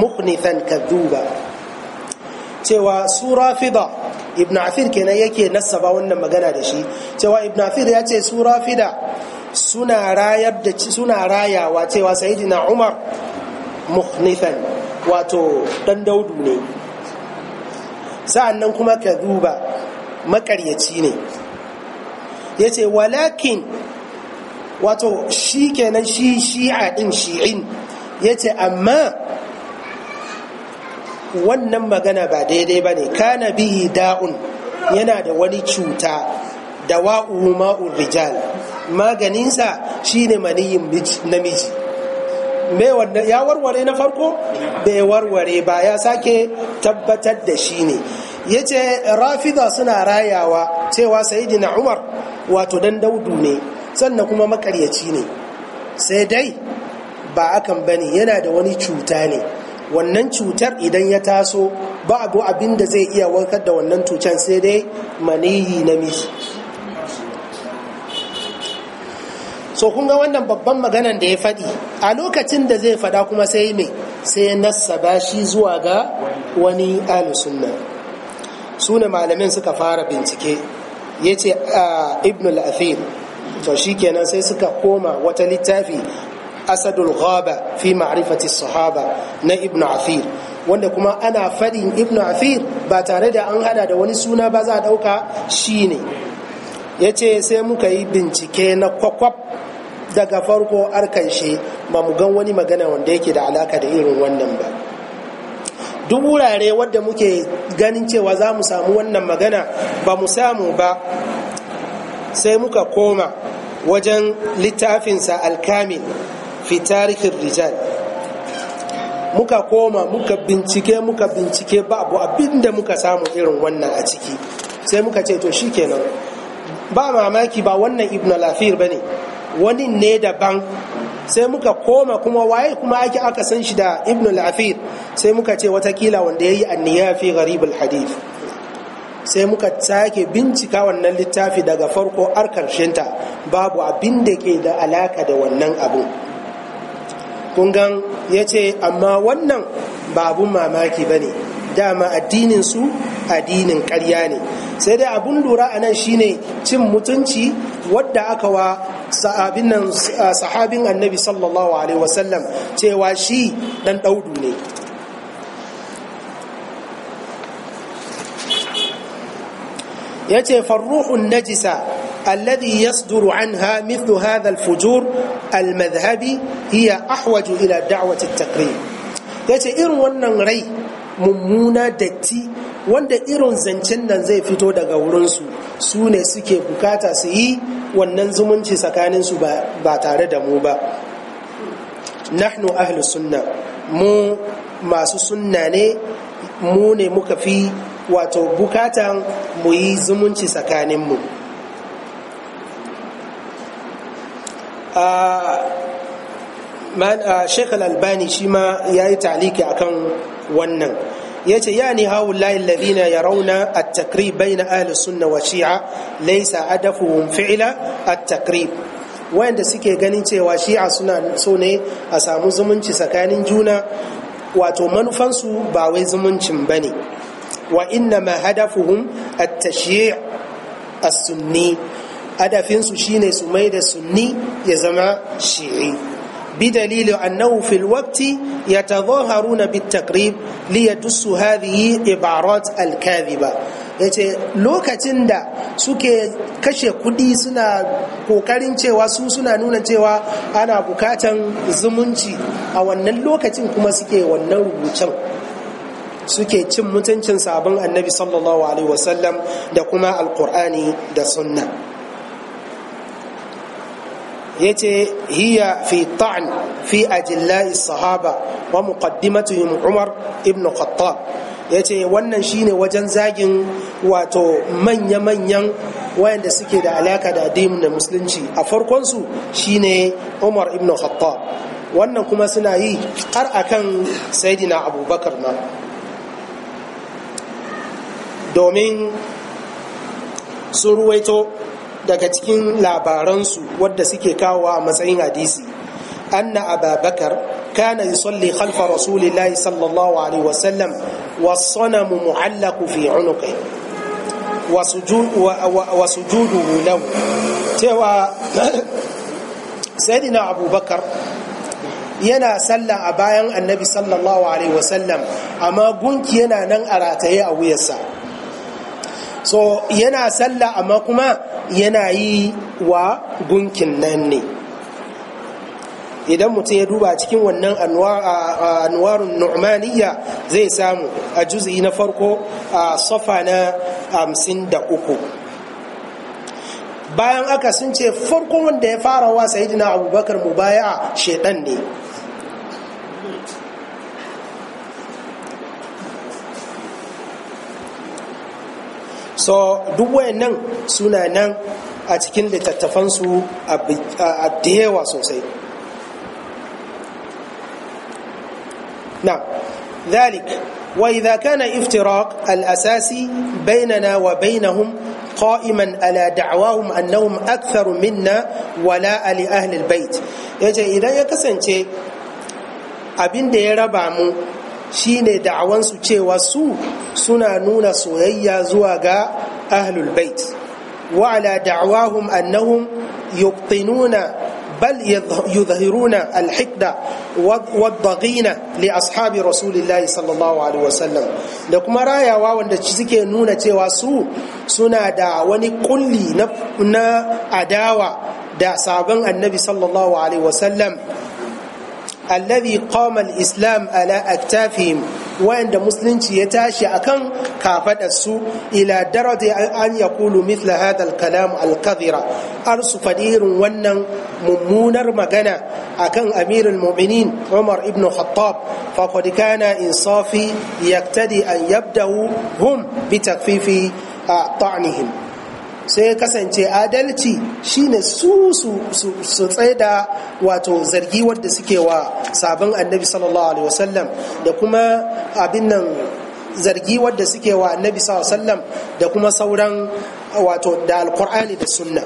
muhnithan kadhuba cewa su rafida ibn afir kenan yake nasaba wannan magana da shi cewa ibn afir ya ce su rafida suna rayar da suna rayawa cewa sayyidina umar muhnithan wato dan daudu ne sa'annan kuma ka duba makaryaci ne ya ce walakin wato shi kenan shi shi'a din shi'in ya ce amma wannan magana ba daidai ba ne kana bihi da'un yana da wani cuta da wa'u ma'ul rijal maganinsa ne maniyin namiji ya warware na farko bai warware ba ya sake tabbatar da shi ne ya ce rafida suna rayawa cewa saidina umar wato dan daudu ne sannan kuma makaryaci ne sai dai ba akan bane yana da wani cuta ne wannan cutar idan ya taso ba abu abin da zai iya warkar da wannan cutar sai dai maniyi namiji so kun ga wannan babban maganan da ya faɗi a lokacin da zai faɗa kuma sai mai sai ba shi zuwa ga wani alusunna su ne malamin suka fara bincike ya ce a ah, ibn al-afir to shi kenan sai suka koma wata littafi asadul ghaba fi ma'rifati sahaba na ibn afir wanda kuma ana fadin ibn afir ba tare da an hada da wani suna ba za a dauka shine yace sai muka yi bincike na kwakwaf daga farko arkanshe ba mu gan wani magana wanda yake da alaka da irin wannan ba duk wurare wadda muke ganin cewa za mu samu wannan magana ba mu samu ba sai muka koma wajen littafinsa alkamil fi tarihin rijal muka koma muka bincike muka bincike babu abinda muka samu irin wannan a ciki sai muka ce to shi kenan. ba mamaki ba wannan ibn lafir ba ne wani ne daban sai muka koma kuma waye kuma ake aka san shi da ibn lafir sai muka ce watakila wanda ya yi anniya fi gharibul hadith sai muka sake bincika wannan littafi daga farko har ta babu abin da ke da alaka da wannan abu kungan ya ce amma wannan ba mamaki ba ne dama addininsu addinin karya ne sai dai abun lura a nan shine cin mutunci wadda aka wa sahabin annabi sallallahu alaihi wasallam cewa shi dan daudu ne ya ce farruhun najisa الذي يصدر عنها مثل هذا الفجور المذهبي هي أحوج إلى دعوة التقريب yace irin wannan rai mummuna datti wanda irin zancen nan zai fito daga wurinsu su ne suke bukata su yi wannan zumunci tsakaninsu ba tare da mu ba nahnu ahlu sunna mu masu sunna ne mu ne muka fi wato bukatan mu yi zumunci tsakaninmu mu Sheikh Al-Albani shi ma ya yi taliki akan wannan ya ce yani haulayi ladina ya rauna a takrib bai na sunna wa shi'a laisa adafuhum fi'ila suke ganin cewa shi'a suna so ne a samu zumunci tsakanin juna wato manufansu ba wai zumuncin ba ne wa inna ma hadafuhum at-tashyi' as-sunni hadafinsu shine su mai da sunni ya zama بدليل أنه في الوقت يتظاهرون بالتقريب ليدس هذه إبارات الكاذبة yace lokacin da suke kashe kudi suna kokarin cewa su suna nuna cewa ana bukatan zumunci a wannan lokacin kuma suke wannan rubucin suke cin mutuncin sabon annabi sallallahu alaihi wasallam da kuma alkur'ani da sunna yace hiya fi ta'an, fi ajilla'i sahaba wa muqaddimatuhum Umar ibn Khattab yace wannan shine wajen zagin wato manya-manyan wayanda suke da alaka da addinin da musulunci a farkon su shine Umar ibn Khattab wannan kuma suna yi har akan saidina Abubakar na. domin sun ruwaito daga cikin labaransu wadda suke kawo a matsayin hadisi أن أبا بكر كان يصلي خلف رسول الله صلى الله عليه وسلم والصنم معلق في عنقه وسجود و وسجوده له توا سيدنا أبو بكر ينا سلى أبايا النبي صلى الله عليه وسلم أما قنك ينا نن أراتي أو يسا so yana sallah amma kuma yana yi wa gunkin nan ne idan mutum ya duba cikin wannan anwarun nu'maniya zai samu a juzi na farko a safa na hamsin da uku bayan aka sun ce farko wanda ya fara wa sayidina abubakar mubaya shedan ne so duk wayannan suna nan a cikin littattafansu a da yawa sosai na ذلك وإذا كان افتراق الأساسي بيننا وبينهم قائما على دعواهم أنهم أكثر منا ولاء لأهل البيت يجي إذا يكسنتي abin da ya raba mu shine da'awansu cewa su suna nuna soyayya zuwa ga ahlul bait wa ala da'awahum annahum yuqtinuna bal yudhhiruna alhikda waddaghina li ashabi rasulillahi sallallahu alaihi wasallam da kuma rayawa wanda suke nuna cewa su suna da wani kulli na adawa da sabon annabi sallallahu alaihi wasallam الذي قام الإسلام على أكتافهم وعند مسلم يتاشي أكن كافد السوء إلى درجة أن يقول مثل هذا الكلام القذرة أرس فدير ونن ممونر مغنى أكن أمير المؤمنين عمر بن خطاب فقد كان إنصافي يقتدي أن يبدأ هم بتكفيف طعنهم sai kasance adalci shine su su tsaida wato zargi wadda suke wa sabon annabi sallallahu alaihi wasallam da kuma abin nan zargi wadda suke wa annabi sallallahu alaihi wasallam da kuma sauran wato da alkur'ani da sunna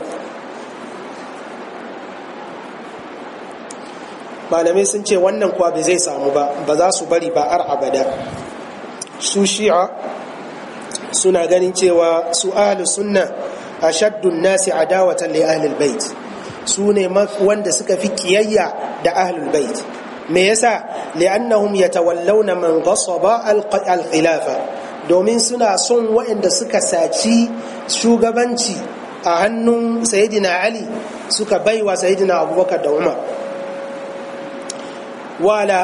malamai sun ce wannan kuwa bai zai samu ba ba za su bari ba har abada su shi'a suna ganin cewa su ahli sunna ashaddu nasi adawatan li ahlil bait su ne wanda suka fi kiyayya da ahlul bait me yasa li'annahum yatawallawna man ghasaba al-khilafa domin suna son waɗanda suka saci shugabanci a hannun sayidina ali suka baiwa sayidina abubakar da umar wala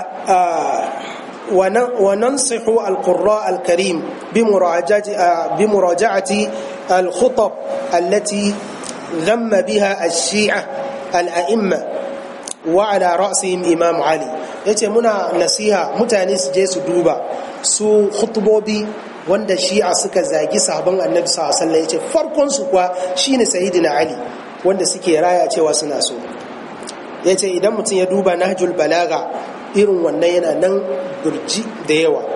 وننصح القراء الكريم بمراجعة الخطب التي ذم بها الشيعة الأئمة وعلى رأسهم إمام علي yace muna nasiha mutane su je su duba su khutubobi wanda shi'a suka zagi sabon annabi sallallahu yace farkon su kuwa shine sayyidina ali wanda suke raya cewa suna so yace idan mutum ya duba nahjul balaga irin wannan yana nan burji da yawa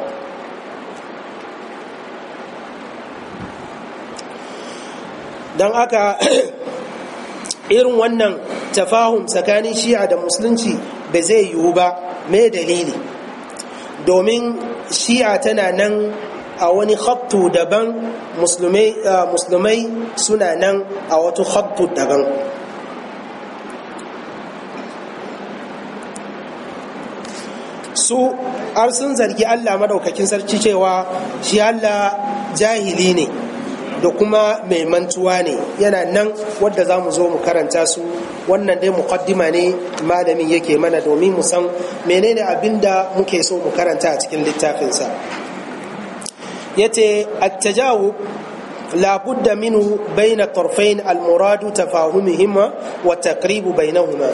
don aka irin wannan tafahum tsakanin shi'a da musulunci ba zai yiwu ba mai dalili domin shi'a tana nan a wani khattu daban musulmai suna nan a wata khattu daban su har sun zargi allah madaukakin sarki cewa shi allah jahili ne da kuma mai mantuwa ne yana nan wadda za mu zo mu karanta su wannan dai muqaddima ne malamin yake mana domin mu san menene abin da muke so mu karanta a cikin littafinsa yace attajawu tajawub labudda minu baina tarfain almuradu tafahumihima wa taqribu bainahuma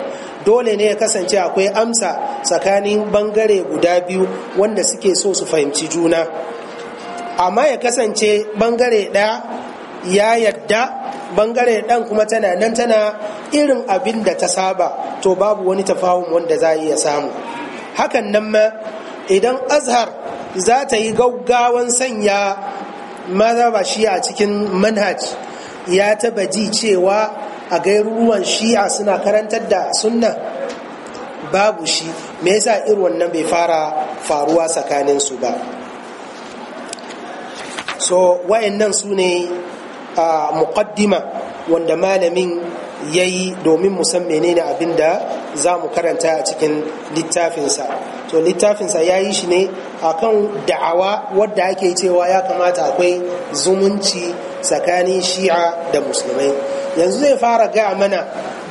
dole ne ya kasance akwai amsa tsakanin bangare guda biyu wanda suke so su fahimci juna amma ya kasance bangare ɗaya ya yadda bangare ɗan kuma tana nan tana irin abin da ta saba to babu wani tafahun wanda za a iya samu hakan nan ma idan azhar za ta yi gaggawan sanya shi a cikin manhaj ya taba ji cewa a gairuruwan shi'a suna karantar da sunna babu shi me yasa irin wannan bai fara faruwa tsakaninsu ba so wayannan su ne a wanda malamin ya yi domin san menene abin da za mu karanta a cikin littafinsa to littafinsa ya yi shi ne a kan da'awa wadda ake cewa ya kamata akwai zumunci tsakanin shi'a da musulmai yanzu zai fara gaya mana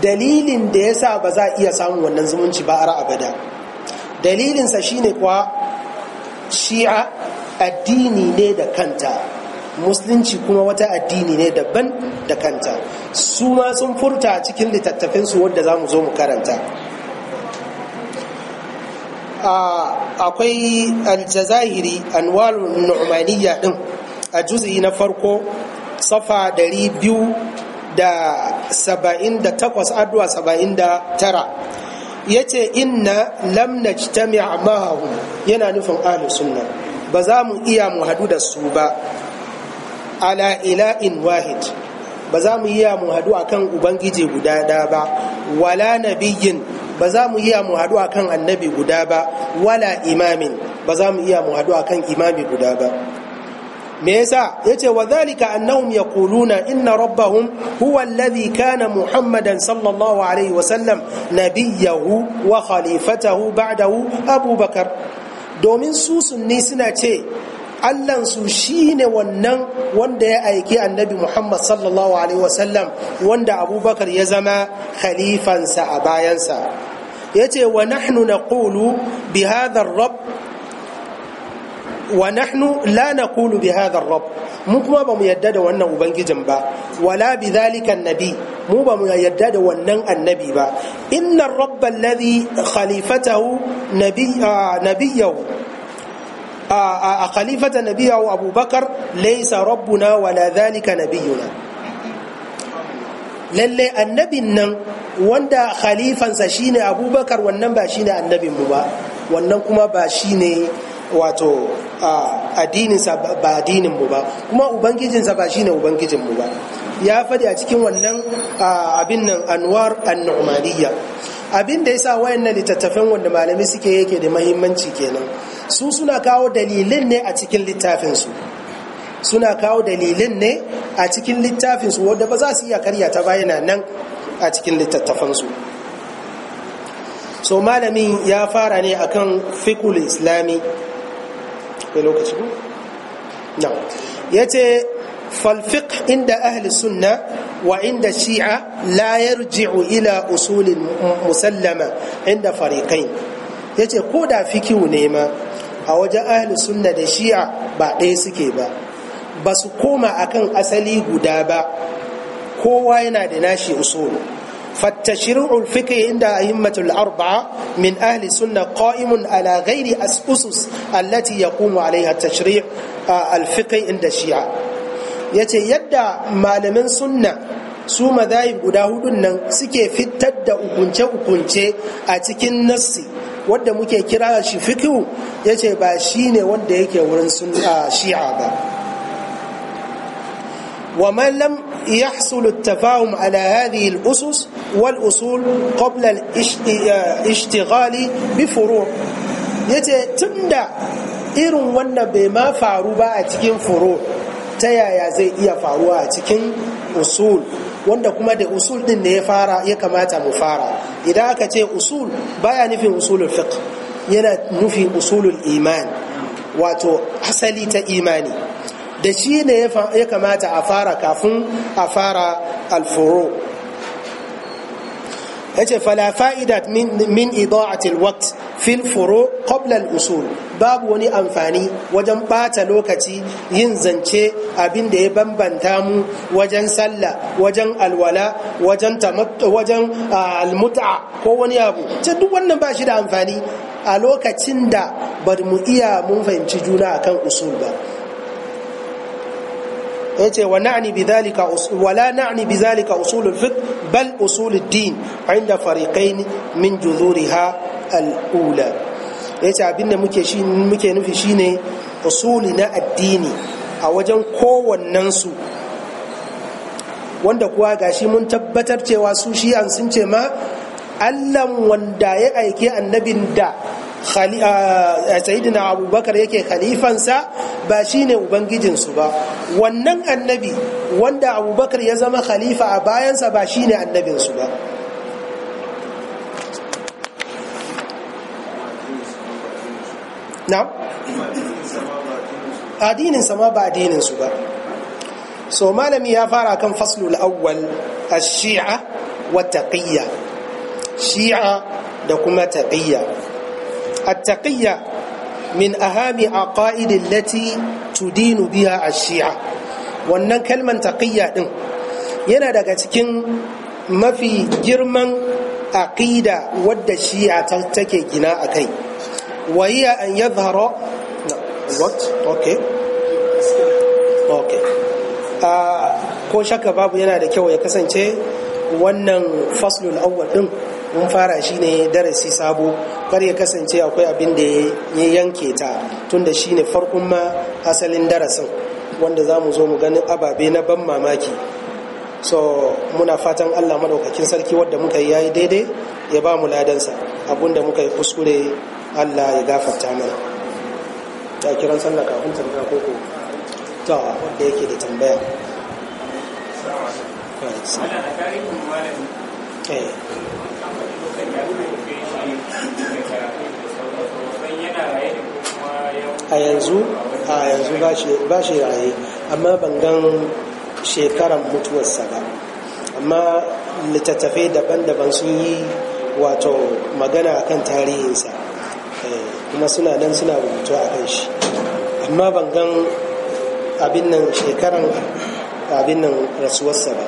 dalilin da ya sa ba za a iya samun wannan zumunci ba a abada dalilinsa shine kuwa shi'a addini ne da kanta musulunci kuma wata addini ne daban da kanta su ma sun furta a cikin littattafinsu wadda za mu zo mu karanta akwai aljazahiri anwarun nu'maniyya din a juzi na farko safa takwas addu'a tara ya ce inna lam a ma'ahum yana nufin ahlus sunna ba za mu iya mu hadu da su ba ala ila'in wahid ba za mu iya mu hadu akan ubangiji guda da ba wala nabiyin ba za mu iya mu hadu akan annabi guda ba wala imamin ba za mu iya mu hadu akan imami guda ba me yasa yace wa zalika annahum yaquluna inna rabbahum huwa alladhi kana muhammadan sallallahu alaihi wa sallam nabiyahu wa khalifatahu ba'dahu abubakar domin susunni suna ce allansu shine wannan wanda ya aiki annabi muhammad sallallahu alaihi wasallam wanda abubakar ya zama khalifansa a bayansa ya ce wa nahnu kulu bi hadha rab. wa nahnu la kulu bi hadha rab. mu kuma ba mu yadda da wannan ubangijin ba wala bi dhalika nabi mu ba mu yarda da wannan annabi ba inna rabba alladhi khalifatahu nabiyahu a khalifata nabiyahu abubakar laysa rabbuna wala dhalika nabiyuna lalle annabin nan wanda khalifan sa shine abubakar wannan ba shine annabin mu ba wannan kuma ba shine wato addininsa ba addinin mu ba kuma ubangijinsa ba shine ubangijin mu ba ya faɗi a cikin wannan abin nan anwar annu'maniyya abin da yasa wayannan littattafan wanda malami suke yake da mahimmanci kenan su suna kawo dalilin ne a cikin littafin su suna kawo dalilin ne a cikin littafin su wanda ba za su iya karya ta bayana nan a cikin littattafan su so malamin ya fara ne akan fikul islami ya ce فالفقه عند أهل السنة وعند الشيعة لا يرجع إلى أصول مسلمة عند فريقين يجي قودا فيكي ونيما أو ma أهل السنة الشيعة بعد da بس ba أكن suke ba ba su دناشي أصول فالتشريع الفقهي عند أئمة الأربعة من أهل السنة قائم على غير أسس التي يقوم عليها التشريع آه، الفقهي عند الشيعة ya ce yadda malamin sunna su mazahib guda hudun nan suke fitar da ukunce-ukunce a cikin nassi wadda muke kira shi fikihu ya ce ba shi ne wanda yake wurin sunna shi'a ba ومن لم يحصل التفاهم على هذه الأسس والأصول قبل الاشتغال بفروع yace tunda irin wannan bai ma faru ba a cikin furu ta yaya zai iya faruwa a cikin usul wanda kuma da usul din ne ya fara ya kamata mu fara idan aka ce usul baya nufin usulul fiqh yana nufi usulul iman wato asali ta imani da shi ne ya kamata a fara kafin a fara alfuro yace fala fa'idat min min ida'atil waqt fil furu qabla al-usul babu wani amfani wajen bata lokaci yin zance abin da ya bambanta mu wajen sallah wajen alwala wajen tamattu wajen almut'a ko wani abu ce duk wannan ba shi da amfani a lokacin da ba mu iya mun fahimci juna akan usul ba yace wa na'ni bidhalika wala na'ni bidhalika usul al-fiqh bal usul ad-din 'inda fariqain min judhuriha al'ula ya ce abinda muke nufi shi ne usuli na addini a wajen kowannensu wanda kuwa gashi mun tabbatar cewa su shi'an sun ce ma allan wanda ya aike annabin da sayidina abubakar yake khalifansa ba shi ne ubangijinsu ba wannan annabi wanda abubakar ya zama khalifa a bayansa ba shi ne annabinsu ba نعم أدين سما بعدين سبا سو ما لم يفارا كم فصل الأول الشيعة والتقية شيعة دكما تقية التقية من أهم عقائد التي تدين بها الشيعة wannan kalman taqiyya din yana daga cikin mafi girman aqida wadda shi'a take gina akai وهي أن يظهر what okay okay ko shaka babu yana da kyau ya kasance wannan faslul awwal din mun fara shi ne darasi sabo kar ya kasance akwai abin da ya yanke ta tunda shine farkon ma asalin darasin wanda za mu zo mu ganin ababe na ban mamaki so muna fatan allah madaukakin sarki wadda muka yi yayi daidai ya ba mu ladansa abinda muka yi kuskure Allah ya gafarta mana ta kiran sallah kafin tambaya ko ko ta wanda yake da tambaya eh. a yanzu a yanzu ba shi raye amma ban gan shekaran mutuwarsa ba amma littattafai daban-daban sun yi wato magana kan tarihinsa kuma suna nan suna rubutu a kan shi amma ban gan abin nan shekaran abin nan rasuwarsa ba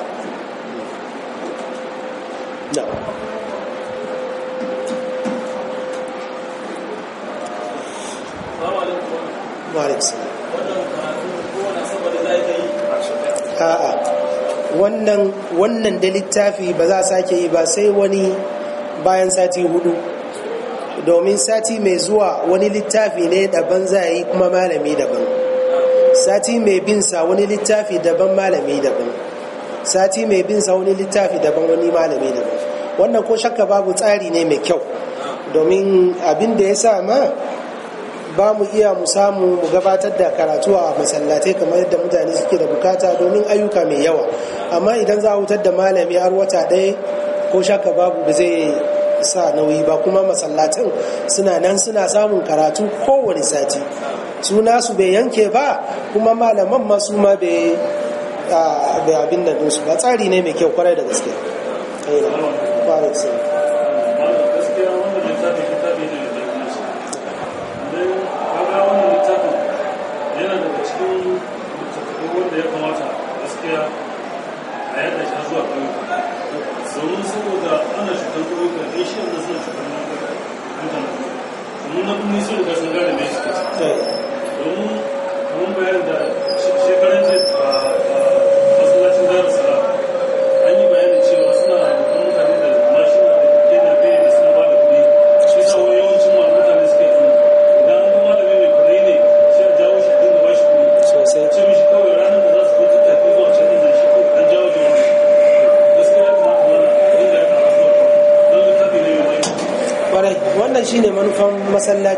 a'a wannan wannan da littafi ba za a sake yi ba sai wani bayan sati hudu domin sati mai zuwa wani littafi ne daban za a yi kuma malami daban sati mai binsa wani littafi daban malami daban sati mai binsa wani littafi daban wani malami daban wannan ko shakka babu tsari ne mai kyau domin abin da ya sa ma ba mu iya mu samu mu gabatar da karatu a masallatai kamar yadda mutane suke da bukata domin ayyuka mai yawa amma idan za a wutar da malami har wata ɗaya ko shakka babu ba zai sa nauyi ba kuma masallacin suna nan suna samun karatu kowane sati suna su bai yanke ba kuma malaman masu ma bai ah, abin da ba tsari ne mai kyau kwarai da gaske eh, മുന്നോട്ട് നിശ്ചയം സംഘാടനം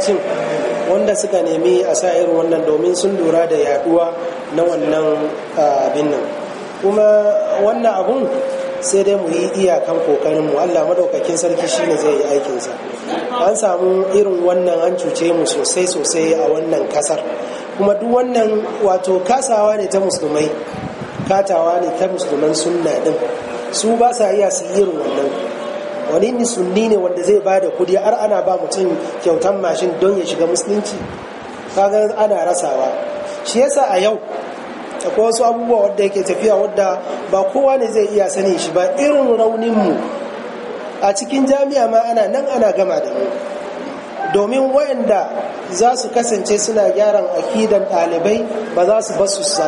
masallacin wanda suka nemi a sa irin wannan domin sun lura da yaduwa na wannan abin nan kuma wannan abun sai dai mu yi iyakan kokarin mu Allah madaukakin sarki shine zai yi aikinsa an samu irin wannan an cuce mu sosai sosai a wannan kasar kuma duk wannan wato kasawa ne ta musulmai katawa ne ta musulman sunna din su ba sa iya su irin wannan wani ni ne wanda zai ba da kudi har ana ba mutum kyautan mashin don ya shiga musulunci kaga ana rasawa shi yasa a yau akwai wasu abubuwa wadda yake tafiya wadda ba kowa ne zai iya sani shi ba irin raunin mu a cikin jami'a ma ana nan ana gama da mu domin wayanda za su kasance suna gyaran akidan ɗalibai ba za su basu su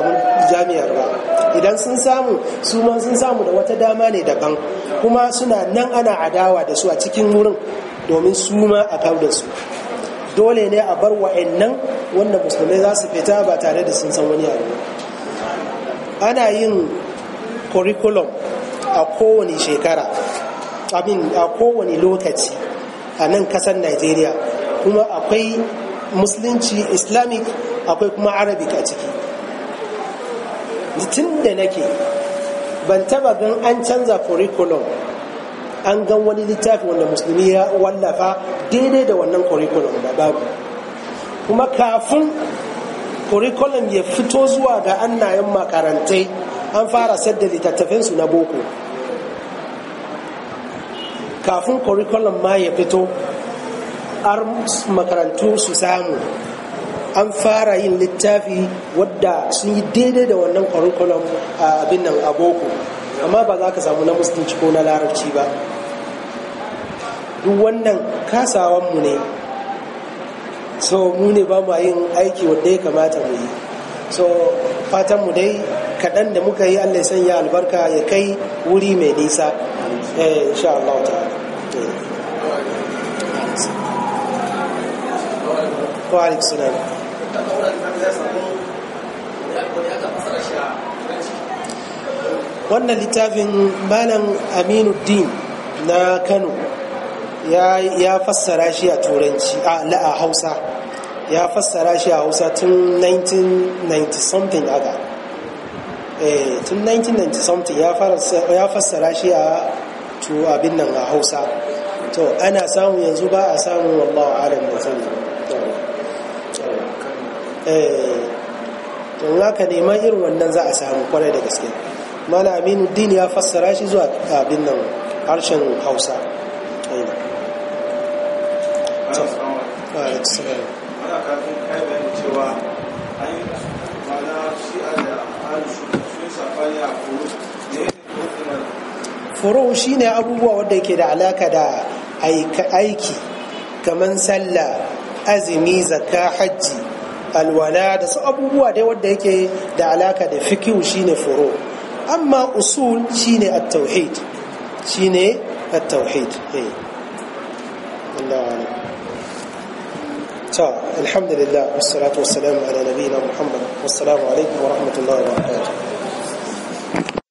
jami'ar ba idan sun samu su ma sun samu da wata dama ne daban kuma suna nan ana adawa da su a cikin wurin domin su ma a kawo su dole ne a bar wa'annan wanda musulmai za su fita ba tare da sun san wani abu ana yin curriculum a kowane shekara abin a kowane lokaci a nan kasar nigeria kuma akwai musulunci islamic akwai kuma arabic a ciki tun da nake ban taba gan an canza curriculum an gan wani littafi wanda musulmi ya wallafa daidai da wannan curriculum da babu kuma kafin curriculum ya fito zuwa ga annayen makarantai an fara sadda littattafinsu na boko kafin curriculum ma ya fito har makarantu su samu an fara yin littafi wadda sun yi daidai da wannan curriculum a abin nan a boko amma ba za ka samu na musulunci ko na larabci ba duk wannan kasawanmu ne so mu ne ba mu yin aiki wadda ya kamata mu yi so fatanmu dai kaɗan da muka yi allah sanya albarka ya kai wuri mai nisa eh, insha Allah ta'ala eh. wannan littafin malam aminuddin na kano ya fassara shi a turanci a hausa ya fassara shi a hausa tun 1990 something aga eh, tun 1990 something ya fassara shi a to abin nan a hausa to ana samu yanzu ba a samu wallahu alam da sani eh, to in haka neman irin wannan za a samu kwarai da gaske Mana aminu, din ya fassara shi zuwa abin nan harshen hausa furu shi ne abubuwa wadda ke da alaka da aiki kamar sallah azumi zakka hajji alwala da su abubuwa dai wadda yake da alaka da fikihu shine furu أما أصول شين التوحيد شين التوحيد هي. إيه. الله أعلم طيب، الحمد لله والصلاة والسلام على نبينا محمد والسلام عليكم ورحمة الله وبركاته